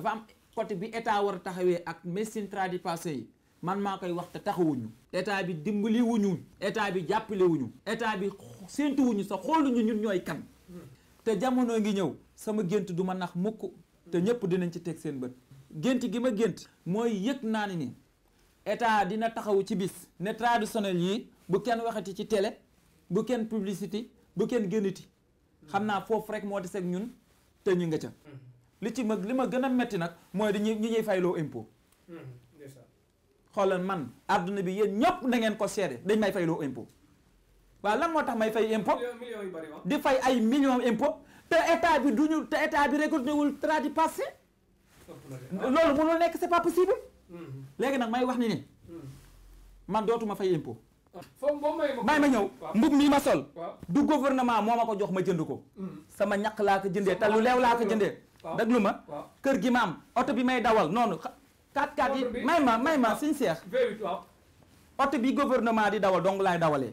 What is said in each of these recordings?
dafa am côté bi état war a taxawee ak médecine tradipassé yi man maa koy wax te taxawuñu état bi dimbali wuñu état bi jàppalewuñu wuñu état bi séentu wuñu sa xooluñu ñun ñooy kan te jamono ngi ñëw sama gént du ma nax mukk te ñëpp dinañ ci teg seen bët gént gi ma gént mooy yëg naa ne ni état dina taxaw ci bis ne traditionnel yi bu kenn waxati ci télé bu kenn publicité bu kenn génnati xam naa foofu rek moo des ak ñun te ñu nga ca li ci ma li ma gën a metti nag mooy di dañuy ñu ñuy fayloo impôt hmm, xoolal man àdduna bi yéen ñëpp na ngeen ko seede dañ may fayloo impôt waaw lan moo tax may fay impôt di fay ay millions impôt te état bi du ñu te état bi récolté wul tradi passé loolu mënul nekk si c'est pas possible hmm. léegi nag may wax ni ni hmm. man dootuma fay impôt may ma ñëw mbub mii ma sol du gouvernement moo ma ko jox ma jënd ko sama ñaq laa ko jëndee te lu leew laa ko jëndee déglu ma kër gi ma am oto bi may dawal noonu 4x4 yi may ma may ma suñu seex oto bi gouvernement di dawal donc laay dawalee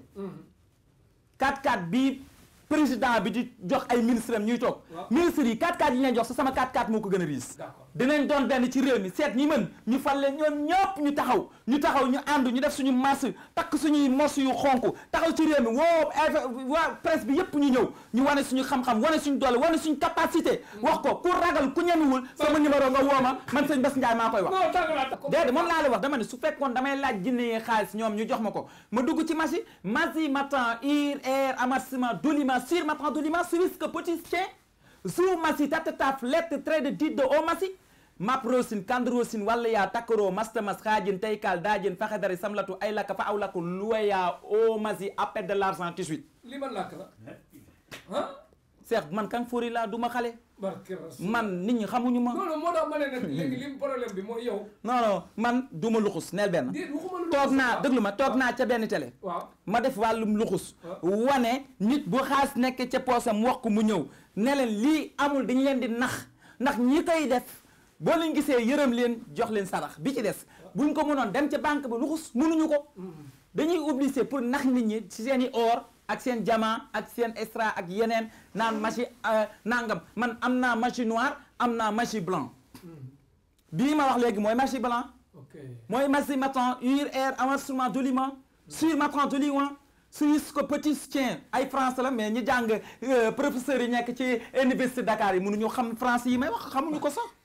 4x4 mm-hmm. bi président bi di jox ay ministre am ñuy toog ministre yi 4x4 yi ñu jox sa sama 4 x moo ko gën a riis dinañ doon benn ci réew mi seet ñi mën ñu fal leen ñoom ñëpp ñu taxaw ñu taxaw ñu ànd ñu def suñu masse takk suñuy mors yu xonk taxaw ci réew mi woo waa bi yëpp ñu ñëw ñu wane suñu xam-xam wane suñu doole wane suñu capacité wax ko ku ragal ku ñemewul sama numéro nga woo man sëñ Bass Ndiaye maa koy wax déedéet moom laa la wax dama ne su fekkoon damay laaj jinne yi xaalis ñoom ñu jox ma ko ma dugg ci machine masi matan ir air amassement dolima sur matan dolima suris que petit chien sous masi tatataf lettre trait de dit de au maprosin kandrosin wallaya takoro mastamas haajin taykal daajin fahedari samlatu aylaka fa awlaku luwaya omasi appel de l'argent tout de suite li ma làkk la ah Cheikh man kan fori laa du ma xale man nit ñi xamuñu ma non non ma ne bi mooy yow non non man du ma luxus neel benn toog naa déglu ma toog naa ca benn télé waaw ma def wàllum luxus wane nit bu xaas nekk ca poosam wax ko mu ñëw ne leen lii amul dañu leen di nax ndax ñi koy def boo lañu gisee yërëm leen jox leen sarax bi ci des buñ ko mënoon dem ca banque ba luxus mënuñu ko dañuy obligé pour nax nit ñi ci seen i or ak seen diamant ak seen extra ak yeneen naan machine euh, nangam man am naa machine noire am naa machine blanc bii ma wax léegi mooy machine blanc mooy machine matin ur air avancement doliment sur matin doliment suis ko petit chien ay France la mais ñi jàng euh, professeurs yi nekk ci université Dakar yi mënuñu xam France yi may wax xamuñu ko sax